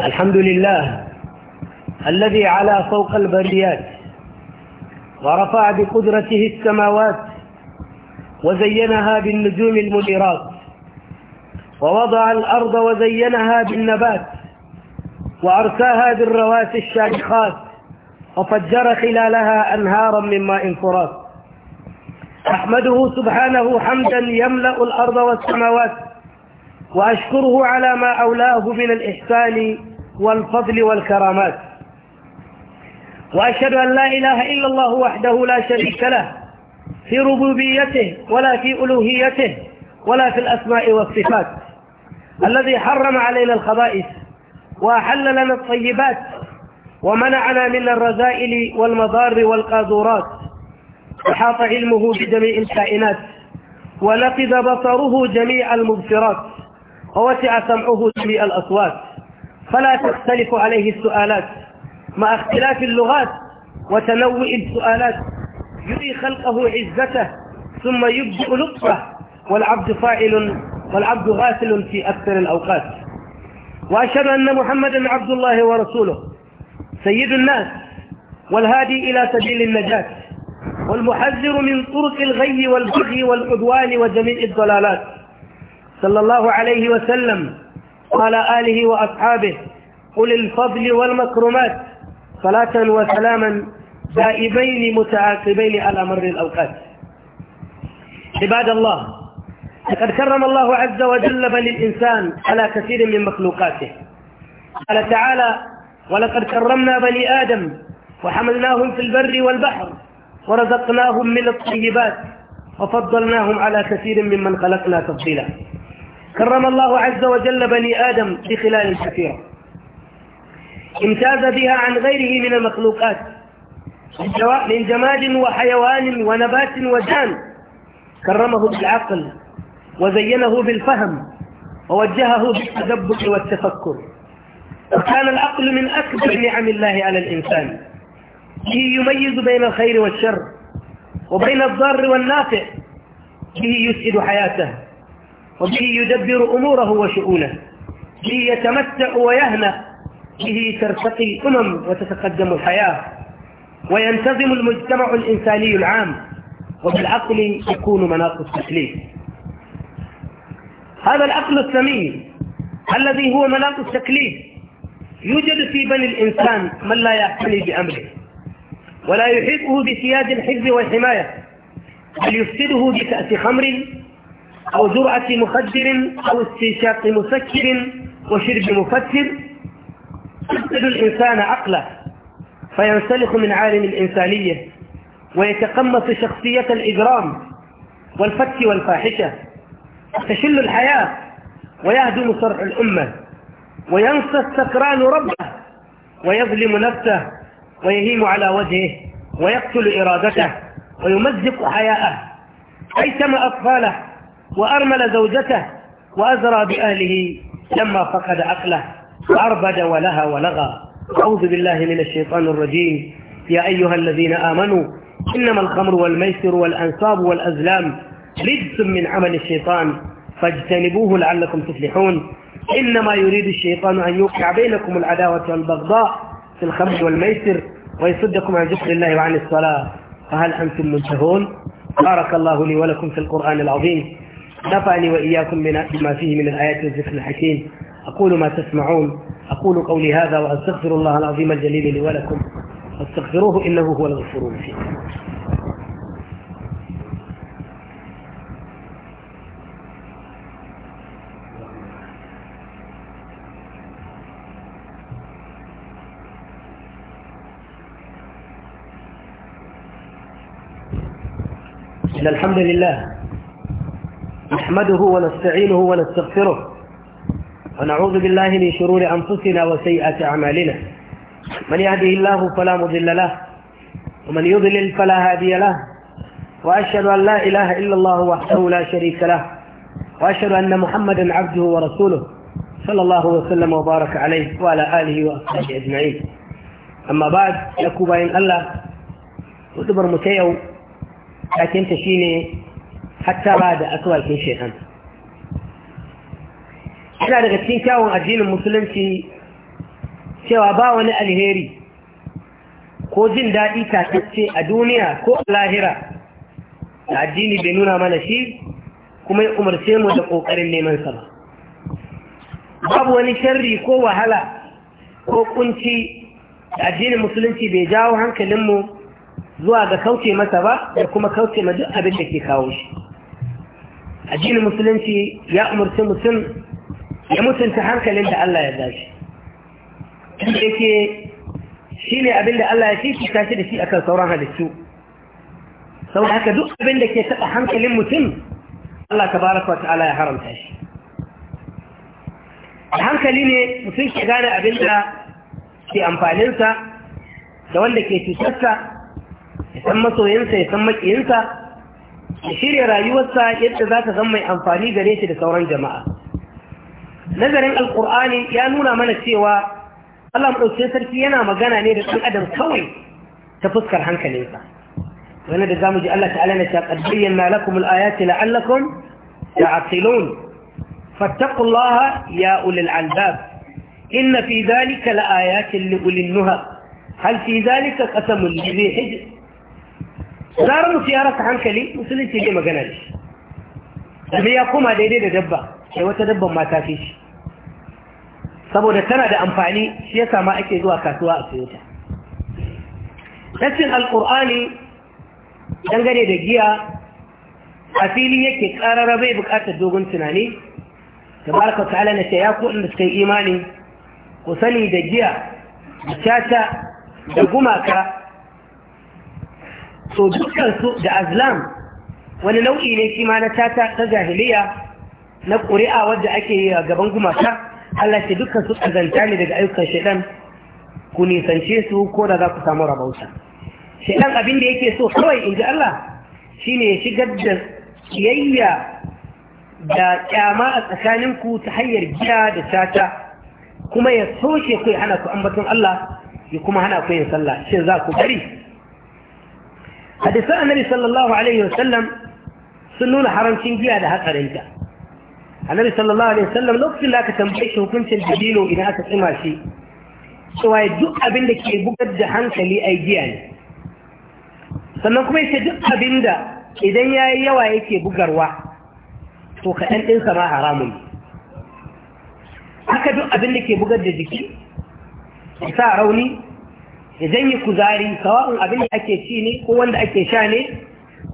الحمد لله الذي على فوق البريات ورفع بقدرته السماوات وزينها بالنجوم المنيرات ووضع الأرض وزينها بالنبات وأرساها بالرواسي الشامخات وفجر خلالها أنهارا من ماء فرات أحمده سبحانه حمدا يملأ الأرض والسماوات وأشكره على ما أولاه من الإحسان والفضل والكرامات وأشهد أن لا إله إلا الله وحده لا شريك له في ربوبيته ولا في ألوهيته ولا في الأسماء والصفات الذي حرم علينا الخبائث وأحل لنا الطيبات ومنعنا من الرذائل والمضار والقاذورات وحاط علمه بجميع الكائنات ولقد بصره جميع المبصرات ووسع سمعه جميع الأصوات فلا تختلف عليه السؤالات مع اختلاف اللغات وتنوع السؤالات يري خلقه عزته ثم يبدئ لطفه والعبد فاعل والعبد غافل في أكثر الأوقات وأشهد أن محمدا عبد الله ورسوله سيد الناس والهادي إلى سبيل النجاة والمحذر من طرق الغي والبغي والعدوان وجميع الضلالات صلى الله عليه وسلم وعلى آله وأصحابه قل الفضل والمكرمات صلاة وسلاما دائبين متعاقبين على مر الأوقات عباد الله لقد كرم الله عز وجل بني الإنسان على كثير من مخلوقاته قال تعالى ولقد كرمنا بني آدم وحملناهم في البر والبحر ورزقناهم من الطيبات وفضلناهم على كثير ممن خلقنا تفضيلا كرم الله عز وجل بني آدم بخلال كثيرة امتاز بها عن غيره من المخلوقات من جماد وحيوان ونبات وجان كرمه بالعقل وزينه بالفهم ووجهه بالتدبر والتفكر وكان العقل من أكبر نعم الله على الإنسان به يميز بين الخير والشر وبين الضار والنافع به يسعد حياته وبه يدبر أموره وشؤونه به يتمتع ويهنأ به ترتقي الأمم وتتقدم الحياة وينتظم المجتمع الإنساني العام وبالعقل يكون مناط التكليف هذا العقل الثمين الذي هو مناط التكليف يوجد في بني الإنسان من لا يعتني بأمره ولا يحيطه بسياد الحفظ والحماية بل يفسده بكأس خمر أو جرعة مخدر أو استنشاق مسكر وشرب مفتر يفقد الإنسان عقله فينسلخ من عالم الإنسانية ويتقمص شخصية الإجرام والفك والفاحشة تشل الحياة ويهدم صرح الأمة وينسى السكران ربه ويظلم نفسه ويهيم على وجهه ويقتل إرادته ويمزق حياءه أيتم أطفاله وأرمل زوجته وأزرى بأهله لما فقد عقله وأربد ولها ولغى أعوذ بالله من الشيطان الرجيم يا أيها الذين آمنوا إنما الخمر والميسر والأنصاب والأزلام رجس من عمل الشيطان فاجتنبوه لعلكم تفلحون إنما يريد الشيطان أن يوقع بينكم العداوة والبغضاء في الخمر والميسر ويصدكم عن ذكر الله وعن الصلاة فهل أنتم منتهون بارك الله لي ولكم في القرآن العظيم نفعني وإياكم من بما فيه من الآيات والذكر الحكيم أقول ما تسمعون أقول قولي هذا وأستغفر الله العظيم الجليل لي ولكم فاستغفروه إنه هو الغفور الرحيم الحمد لله نحمده ونستعينه ونستغفره ونعوذ بالله من شرور أنفسنا وسيئة أعمالنا من يهده الله فلا مضل له ومن يضلل فلا هادي له وأشهد أن لا إله إلا الله وحده لا شريك له وأشهد أن محمدا عبده ورسوله صلى الله وسلم وبارك عليه وعلى آله وأصحابه أجمعين أما بعد يكوبين الله وتبر متيو لكن تشيني hatta ba da aswalkin yana daga cikin kyawun addinin musulunci cewa ba wani alheri ko jin daɗi tatacce a duniya ko a lahira da addini bai nuna mana shi kuma ya umarce mu da ƙoƙarin neman sa ba babu wani sharri ko wahala ko kunci da addinin musulunci bai jawo hankalinmu zuwa ga kauce masa ba da kuma kauce ma duk abin da ke kawo shi addinin musulunci ya umarci mutum ya mutunta hankalin da Allah ya dashi inda yake shi ne abin da Allah ya fifita shi da shi akan sauran halittu sau da haka duk abin da ke taɓa hankalin mutum Allah wa ta'ala ya haramta shi da hankali ne mutum ke gane abin da ke amfaninsa da wanda ke cutarsa ya san masoyinsa ya san maƙiyinsa ya shirya rayuwarsa yadda za ta zama mai amfani gare shi da sauran jama'a nazarin alkur'ani ya nuna mana cewa Allah maɗauke sarki yana magana ne da ɗan adam kawai ta fuskar hankalinsa wani da zamu ji Allah ta'ala na shaƙar bayyana lakum al'ayati la'allakum ta'aqilun fattaqullaha ya ulil albab inna fi dhalika la'ayatin li ulil nuha hal fi dhalika qasamun li dhihij zarar mutum ya rasa hankali musulunci ne magana da shi ya koma daidai da dabba sai wata dabban ma ta fi shi saboda tana da amfani shi ya sama ake zuwa kasuwa a sayo ta dangane da giya a fili yake ƙarara bai bukatar dogon tunani da ta ta'ala na ya ku inda suka yi imani ku sani da giya da caca da gumaka so dukkansu da azlam wani nau'i ne shi ma na tata ta jahiliya na ƙuri'a wadda ake yi a gaban gumata, Allah dukansu dukkan su ƙazanta ne daga ayyukan shaidan ku nisance su ko da za ku samu rabauta shaidan abin da yake so kawai in ji Allah shine ya shigar da kiyayya da kyama a tsakaninku ta hanyar gida da tata kuma ya soke ku ya hana ku ambaton Allah ya kuma hana ku yin sallah shin za ku bari hadisan annabi sallallahu alaihi wasallam sun nuna haramcin giya da hatsarinta annabi sallallahu alaihi wasallam lokacin da aka tambaye shi hukuncin dabino idan aka tsima shi cewa duk abin da ke bugar da hankali ai giya ne sannan kuma yace duk abin da idan yayi yawa yake bugarwa to kaɗan ɗinsa ma haramun haka duk abin da ke bugar da jiki sa rauni ya janye kuzari sawa'un abin da ake ci ne ko wanda ake sha ne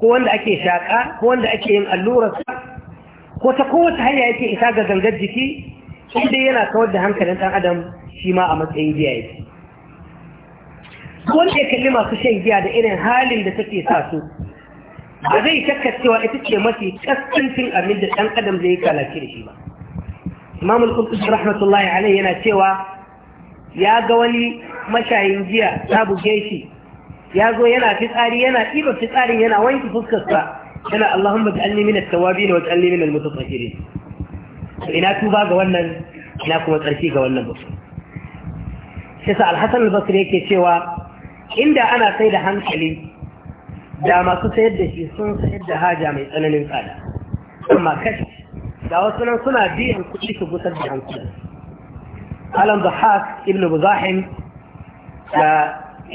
ko wanda ake shaƙa ko wanda ake yin allurarsa ko ta kowace hanya yake isa ga gangar jiki shi dai yana kawar da hankalin ɗan adam shi ma a matsayin giya yake wanda ya kalli masu shan giya da irin halin da take sa su ba zai shakka cewa ita ce mafi kaskancin abin da ɗan adam zai yi kalaci da shi ba imamul al rahmatullahi alaihi yana cewa ya ga wani mashayin jiya ta buge shi ya zo yana fitsari yana ɗiba fitsarin yana wanki fuskarsa yana Allahumma ja'alni min at-tawabin wa ja'alni min al-mutatahhirin ina tuba ga wannan ina kuma tsarki ga wannan mutum sai sa al-Hasan al-Basri yake cewa inda ana sai da hankali da masu sayar da shi sun sayar da haja mai tsananin tsada amma kashi da wasu nan suna biyan kuɗi su gusar da hankali alam dhahak ibn Buzahim.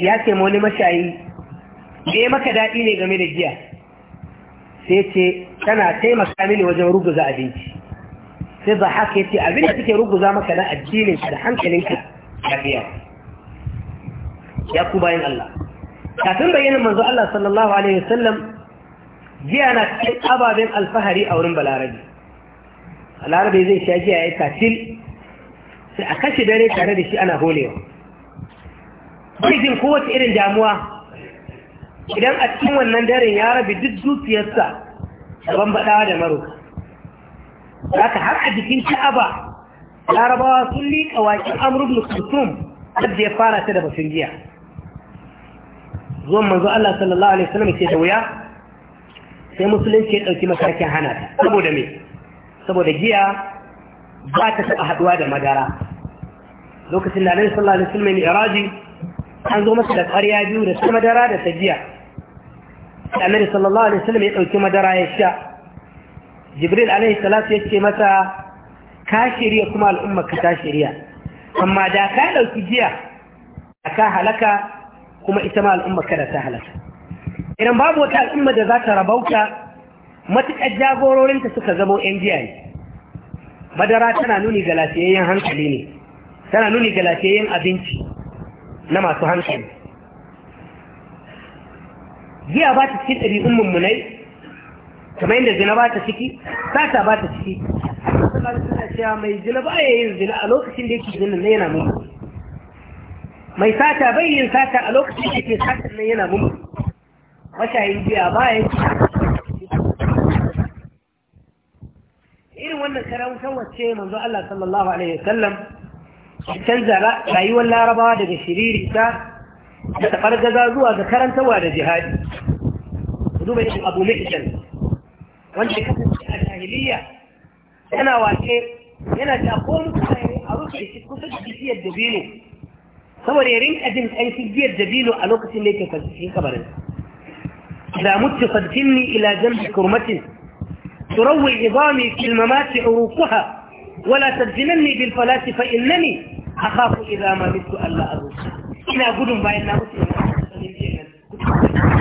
ya ce ma wani mashayi me maka daɗi ne game da giya sai ce tana taimaka mini wajen ruguza abinci sai ba haka ya ce abin da suke ruguza maka na addininka da hankalinka a biya ya ku bayan Allah kafin bayanin manzo Allah sallallahu alaihi wasallam giya na cikin ababen alfahari a wurin balarabi balarabe zai sha giya ya yi tatil sai a kashe dare tare da shi ana holewa bai jin kowace irin damuwa idan a cikin wannan daren ya rabi duk zuciyarsa da baɗawa da maroka haka har a jikin sha'aba larabawa sun liƙa waƙin amurin musulun wadda ya fara ta da bashin giya zuwan manzo Allah sallallahu alaihi wasallam ce da wuya sai musulunci ya ɗauki matakin hana ta saboda me saboda giya ba ta taɓa haɗuwa da madara lokacin da alaihi sallallahu alaihi wasallam ya iraji an zo masa da ƙarya biyu da ta madara da ta giya annabi sallallahu alaihi wasallam ya ɗauki madara ya sha jibril alaihi salatu ya ce masa ka shirya kuma al'umma ka ta shirya amma da ka ɗauki jiya a ka halaka kuma ita ma al'umma ka da ta halaka idan babu wata al'umma da za ta rabauta matuƙar jagororinta suka zamo 'yan jiya ne madara tana nuni ga lafiyayyen hankali ne tana nuni ga lafiyayyen abinci na masu hankali giya ba ta cikin ɗabi'un mummunai kamar yadda zina ba ta ciki sata ba ta ciki suna cewa mai zina ba ya yin zina a lokacin da yake zina na yana mutu mai sata bai yin sata a lokacin da yake sata na yana mutu mashayin giya ba ya irin wannan karamtar wacce manzo Allah sallallahu alaihi wasallam canza ba rayuwar larabawa daga shiririta da tafar gaza zuwa ga karantawa da jihadi duba yin abu mai wanda ya kasance a jahiliya yana wake yana ta ko mutane a rufe shi kusa da bishiyar dabino saboda ya rinka jin ƙanshin biyar dabino a lokacin da yake fasikin kabarin da mutu fadfinni ila jambi kurmatin تروي عظامي في الممات عروقها ولا تدفنني بالفلاة فإنني akhafu idza ma bitu alla azu ina gudun bayan na mutu da mutu da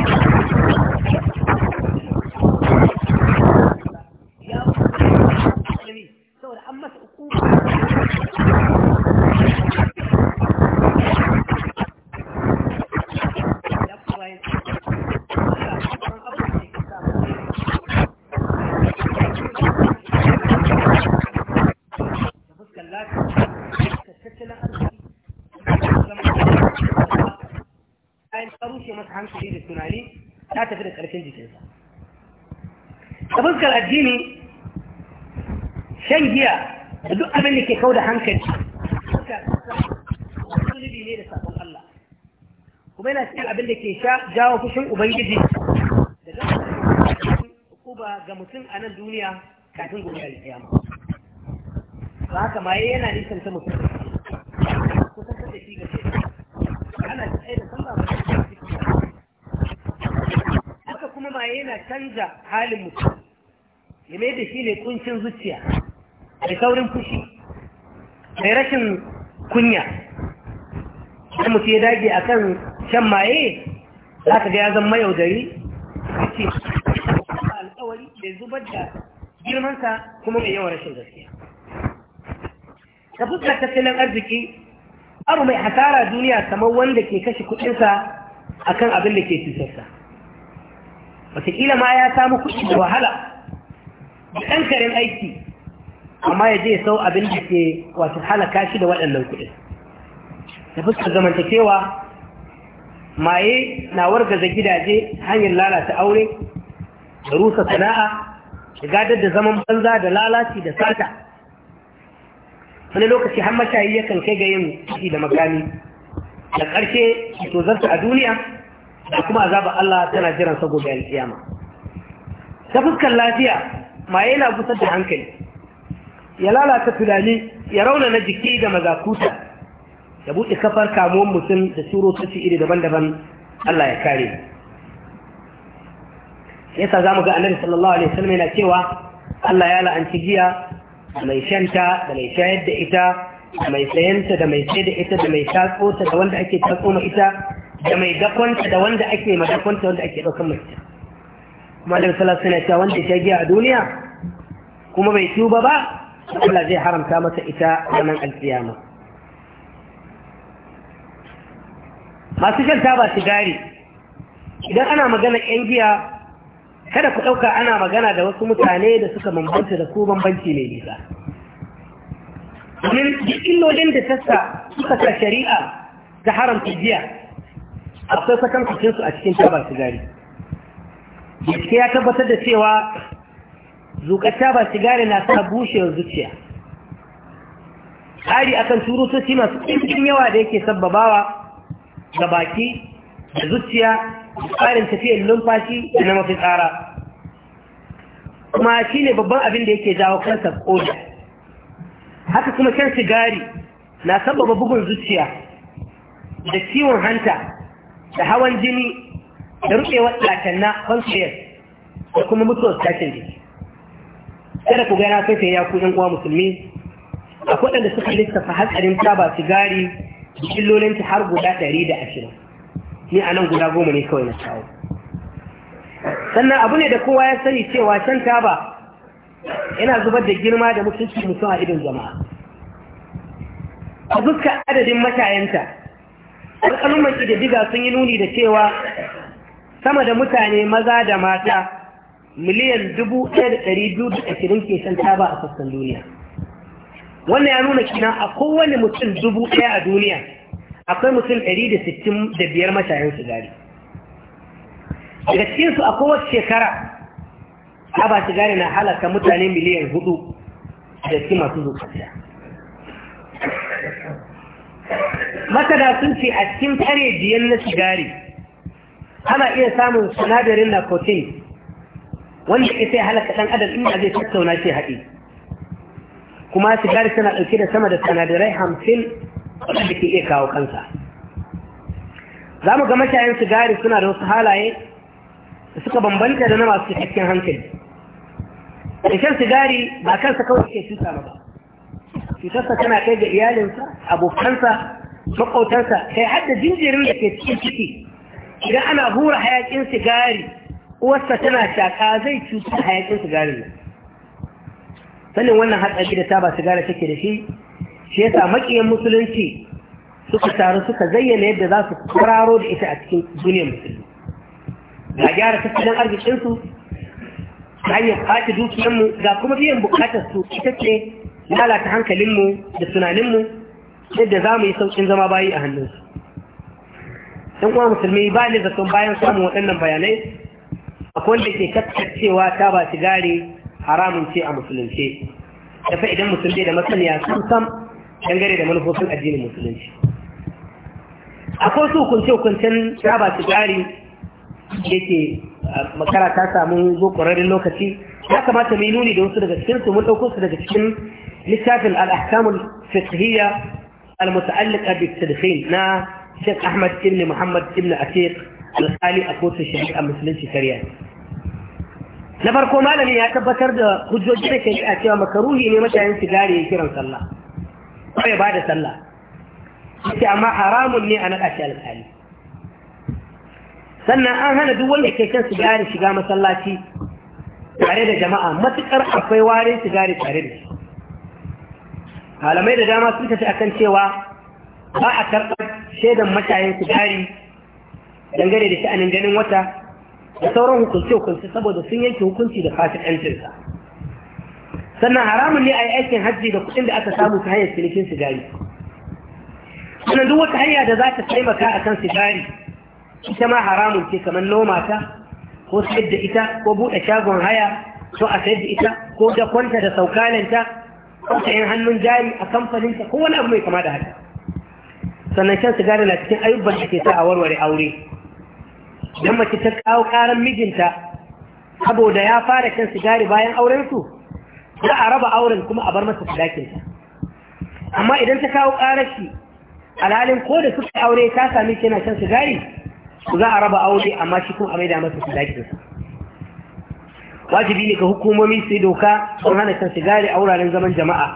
a fuskar addini shan giya da duk abin da ke kau da hankali ne da sakon Allah kuma yana cikin abin da ke jawo fushin ubangiji da zama ga mutum a nan duniya kafin gobe a kiyama ba haka maye yana nisan ta mutum kusan ta shi ga ana tsaye da sallah ba haka kuma maye yana canza halin mutum game da shi ne kuncin zuciya mai saurin fushi mai rashin kunya da mutu ya dage a kan shan maye za ka ga ya zama yaudari a ce alkawari da zubar da girmansa kuma mai yawan rashin gaskiya ta fuskar tattalin arziki abu mai hasara duniya kamar wanda ke kashe kudinsa akan abin da ke cutarsa wataƙila ma ya samu kuɗi da wahala da ɗan karin aiki amma ya je sau abin da ke wasu halaka shi da waɗannan kuɗin da fuskar zamantakewa maye na wargaza gidaje hanyar lalata aure da rusa sana'a da gadar da zaman banza da lalaci da sata wani lokaci har mashayi yakan kai ga yin ciki da makami da ƙarshe to zarta a duniya da kuma azabar Allah tana jiran saboda alƙiyama ta fuskar lafiya maye yana gusar da hankali ya lalata tunani ya rauna na jiki da mazakuta ya buɗe kafar kamuwan mutum da ta ci iri daban-daban Allah ya kare yasa za mu ga annabi sallallahu alaihi wasallam yana cewa Allah ya la'anci giya da mai shanta da mai shayar da ita da mai sayanta da mai sai da ita da mai ta da wanda ake tatsoma ita da mai dakonta da wanda ake madakonta wanda ake ɗaukan ita. kuma da ta wanda ta giya a duniya kuma bai tuba ba Allah zai haramta masa ita ranar alkiyama masu shan taba sigari idan ana magana yan giya kada ku ɗauka ana magana da wasu mutane da suka bambanta da ku bambanci ne nisa domin illolin da sassa suka ta shari'a ta haramta giya akwai su a cikin taba sigari gaske ya tabbatar da cewa zukata ba sigari na sa bushewar zuciya ƙari akan turutoci masu ƙirƙin yawa da yake sabbabawa ga baki da zuciya da tsarin tafiyar numfashi da na mafi tsara kuma shi ne babban abin da yake jawo kansa ƙoda haka kuma shan sigari na sababa bugun zuciya da ciwon hanta da hawan jini da rubewar latanna kwanciyar, da kuma mutuwar tashin jiki kada ku gana sai ya ku yan uwa musulmi akwai waɗanda suka fa hatsarin taba sigari da illolinta har guda ɗari da ashirin ni a nan guda goma ne kawai na kawo sannan abu ne da kowa ya sani cewa can taba yana zubar da girma da mutunci mutum a idon jama'a a dukkan adadin matayanta alƙaluman ƙididdiga sun yi nuni da cewa sama da mutane maza da mata miliyan dubu ɗaya da ɗari biyu da ashirin ke shan taba a fuskan duniya wannan ya nuna kina a kowane mutum dubu ɗaya a duniya akwai mutum ɗari da sittin da biyar sigari daga cikinsu a kowace shekara taba sigari na halarta mutane miliyan hudu da su masu zuciya masana sun ce a cikin kare biyan na sigari ana iya samun sinadarin na narcotin wanda ke sai halaka ɗan adam inda zai tattauna shi haɗi kuma sigari tana ɗauke da sama da sinadarai hamsin waɗanda ke iya kawo kansa za mu ga mashayan sigari suna da wasu halaye da suka bambanta da na masu cikakken hankali ƙarshen sigari ba kansa kawai ke cuta ba cutarsa tana kai ga iyalinsa abokansa maƙotansa kai har jinjirin da ke cikin ciki idan ana hura hayakin sigari uwarsa tana shaka zai cuta hayakin sigarin nan sanin wannan hatsari da taba sigari take da shi shi ya yasa makiyan musulunci suka taru suka zayyana yadda za su kwararo da ita a cikin duniyar musulmi ga gyara tattalin arzikinsu ta hanyar kwace dukiyarmu ga kuma biyan bukatar su ita ce lalata hankalinmu da tunaninmu yadda za mu yi saukin zama bayi a hannunsu ɗan kuma musulmi ba ne zaton bayan samun waɗannan bayanai akwai wanda ke kakkacewa ta ba sigari haramun ce a musulunci, da fa idan musulmi da masaniya sun sam dangare da manufofin addinin musulunci akwai su hukunce-hukuncen ta ba sigari da ke makara ta samu zo ƙwararren lokaci ya kamata mai nuni da wasu daga cikin su mun ɗauko su daga cikin littafin al-ahkamul fiqhiyya al-muta'alliqa bi na Sheikh Ahmad ibn Muhammad ibn Atiq al'ali a kotun shari'a musulunci shari'a. Na farko malami ya tabbatar da hujjoji da shari'a cewa makaruhi ne mashayin sigari ya kiran sallah. Ko ya bada sallah. Sai amma haramun ne a naɗa shi alƙali. Sannan an hana duk wanda ke kan sigari shiga masallaci tare da jama'a matuƙar akwai warin sigari tare da shi. Malamai da dama sun tafi akan cewa ba a karɓar shaidan mashayin sigari dangane da sha'anin ganin wata da sauran hukunce-hukunce saboda sun yanke hukunci da fasikancinsa sannan haramun ne a yi aikin hajji da kuɗin da aka samu ta hanyar cinikin sigari sannan duk wata hanya da za ta taimaka a kan sigari ita ma haramun ce kamar noma ta ko sayar da ita ko buɗe shagon haya ko a sayar da ita ko da kwanta da ko sayan hannun jari a kamfaninta ko wani abu mai kama da haka sannan shan sigari na cikin ayyubban da ke sa a warware aure don mace ta kawo karan mijinta saboda ya fara shan sigari bayan aurensu za a raba auren kuma a bar masa fadakinsa amma idan ta kawo karar shi alhalin ko da suka aure ta sami kina yana shan sigari za a raba aure amma shi kuma a maida masa fadakinsa wajibi ne ga hukumomi su yi doka sun hana shan sigari a wuraren zaman jama'a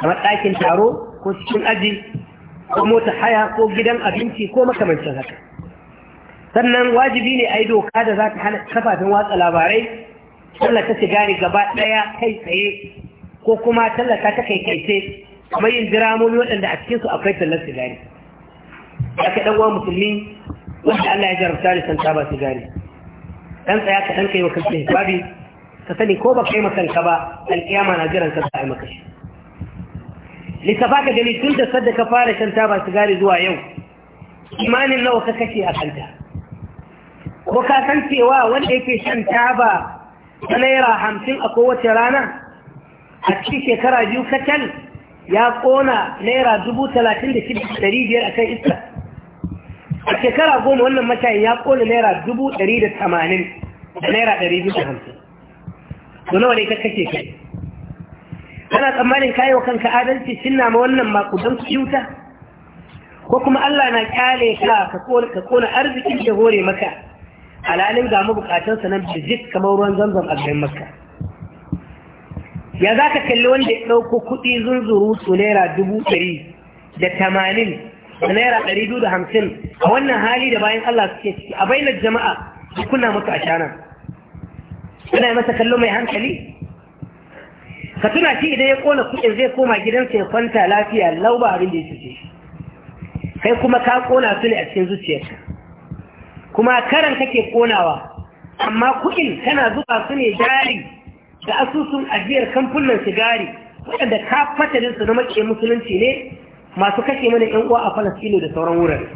kamar ɗakin taro ko cikin aji ko mota haya ko gidan abinci ko makamancin haka sannan wajibi ne a yi doka da za ta hana kafafen watsa labarai tallata sigari gaba ɗaya kai tsaye ko kuma tallata ta kai kai ce kamar yin diramomi waɗanda a cikinsu akwai tallar sigari ya ka ɗan wa musulmi wanda Allah ya jarumta da santa ba sigari ɗan tsaya ka ɗan kai wa kanka hisabi ka sani ko ba kai makanka ba alƙiyama na jiran ka za a shi littafa ka gani tun da sadda ka fara shan taba sigari zuwa yau imanin nawa ka kashe a kanta ko ka san cewa wanda yake shan taba ta naira hamsin a kowace rana a cikin shekara biyu kacal ya kona naira dubu talatin da shida ɗari biyar a kan iska a shekara goma wannan mashayin ya kona naira dubu ɗari da tamanin da naira ɗari biyu da hamsin. nawa ne ka kashe kai. kana tsammanin kayi wa kanka adalci cinna ma wannan makudan su yuta ko kuma Allah na kyale ka ka kona arzikin da hore maka alalin ga mabukatan sa nan bijit kamar ruwan zamzam a garin makka ya zaka ka kalli wanda ya ɗauko kuɗi zunzuru su naira dubu ɗari da tamanin da naira ɗari biyu da hamsin a wannan hali da bayan Allah suke ciki a bainar jama'a kuna mutu a shanan. Kuna yi masa kallo mai hankali? ka tuna shi idan ya kona kuɗin zai koma gidansa ya kwanta lafiya lauba abin da ya suke kai kuma ka kona su ne a cikin zuciyarka kuma karan kake konawa amma kuɗin kana zuba su ne jari da asusun ajiyar kamfunan sigari waɗanda ka fatalin su na maƙe musulunci ne masu kashe mana yan uwa a falasilo da sauran wurare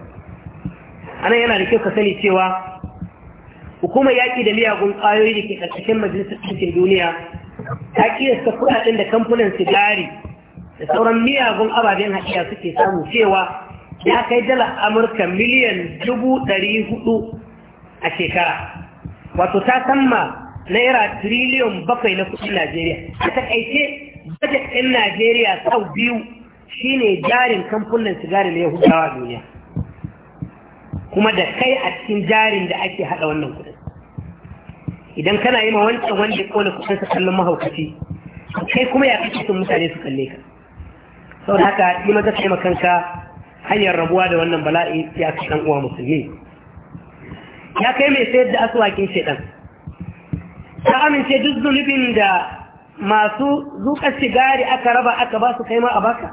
anan yana da kyau ka sani cewa hukumar yaƙi da miyagun ƙwayoyi da ke ƙarƙashin majalisar ɗinkin duniya ta kiyasta kudaden da kamfunan sigari da sauran miyagun ababen haɗiya suke samu cewa ya kai dala amurka miliyan dubu ɗari a shekara wato ta samma naira triliyon bakwai na kudin najeriya a takaice bajet ɗin najeriya sau biyu shine jarin kamfanin sigari na yahudawa duniya kuma da kai a cikin jarin da ake haɗa wannan kudin idan kana yi ma wancan wanda ya kone kusan sa kallon mahaukaci kai kuma ya kake sun mutane su kalle ka Sau da haka yi maza kai kanka hanyar rabuwa da wannan bala'i ya kai uwa musulmi ya kai mai sayar da asuwakin shaidan ta amince duk zunubin da masu zuƙa sigari aka raba aka ba su kai ma a baka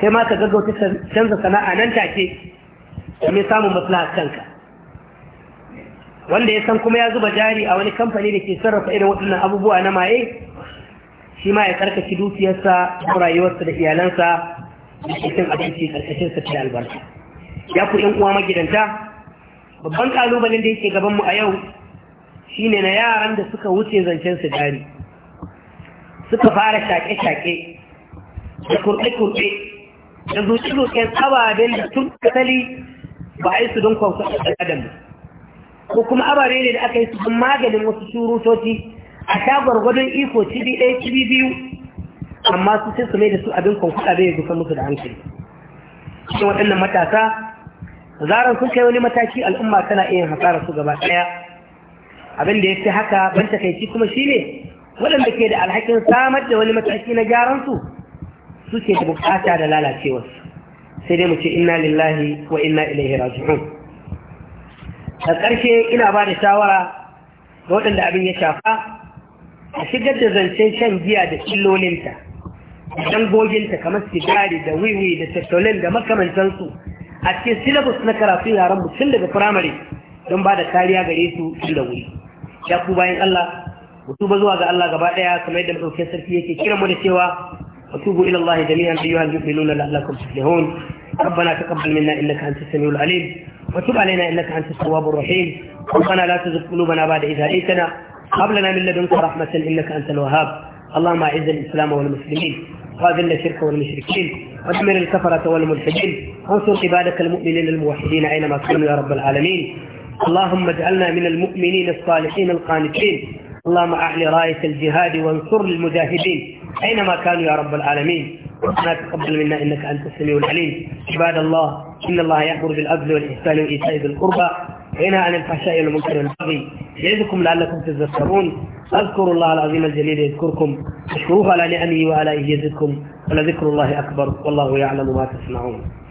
sai ma ka gaggauta canza sana'a nan take domin samun maslahar kanka wanda ya san kuma ya zuba jari a wani kamfani da ke sarrafa irin waɗannan abubuwa na maye shi ma ya karkaci dukiyarsa ko rayuwarsa da iyalansa da cikin abinci karkashin sa ta albarka ya ku ƴan uwa magidanta babban kalubalen da yake mu a yau shine na yaran da suka wuce zancen su dari suka fara shaƙe-shaƙe da kurɗe-kurɗe da zuci zuci ababen da tun kasali ba a yi su don kwamfuta a adam ko kuma abare ne da aka yi su maganin wasu surutoci a shagon gwadon iko cibi ɗaya cibi biyu amma su sai su mai da su abin kwankwada bai gusa musu da hankali cikin waɗannan matasa zaran sun kai wani mataki al'umma tana iya hasara su gaba ɗaya abin da ya fi haka ban takaici kuma shi ne, waɗanda ke da alhakin samar da wani mataki na gyaran su suke da bukata da lalacewa. sai dai mu ce inna lillahi wa inna ilaihi raji'un a ƙarshe ina ba da shawara ga waɗanda abin ya shafa a shigar da zancen shan giya da illolinta da dangoginta kamar sigari da wiwi da tattolin da makamantansu a cikin silabus na karatun yaran mutum daga firamare don ba da kariya gare su tun da wuri ya ku bayan Allah mutu ba zuwa ga Allah gaba ɗaya kamar yadda ɗauke sarki yake kiran mu da cewa وتوبوا إلى الله جميعا أيها المؤمنون لعلكم تفلحون ربنا تقبل منا إنك أنت السميع العليم وتب علينا إنك أنت التواب الرحيم ربنا لا تزغ قلوبنا بعد إذ هديتنا هب لنا من لدنك رحمة إنك أنت الوهاب اللهم أعز الإسلام والمسلمين وأذل الشرك والمشركين ودمر الكفرة والملحدين وانصر عبادك المؤمنين الموحدين أينما كانوا يا رب العالمين اللهم اجعلنا من المؤمنين الصالحين القانتين اللهم أعل راية الجهاد وانصر المجاهدين أينما كانوا يا رب العالمين ربنا تقبل منا إنك أنت السميع العليم عباد الله إن الله يأمر بالعدل والإحسان وإيتاء ذي القربى وينهى عن الفحشاء والمنكر والبغي يعظكم لعلكم تذكرون اذكروا الله العظيم الجليل يذكركم واشكروه على نعمه وعلى إيجادكم ولذكر الله أكبر والله يعلم ما تصنعون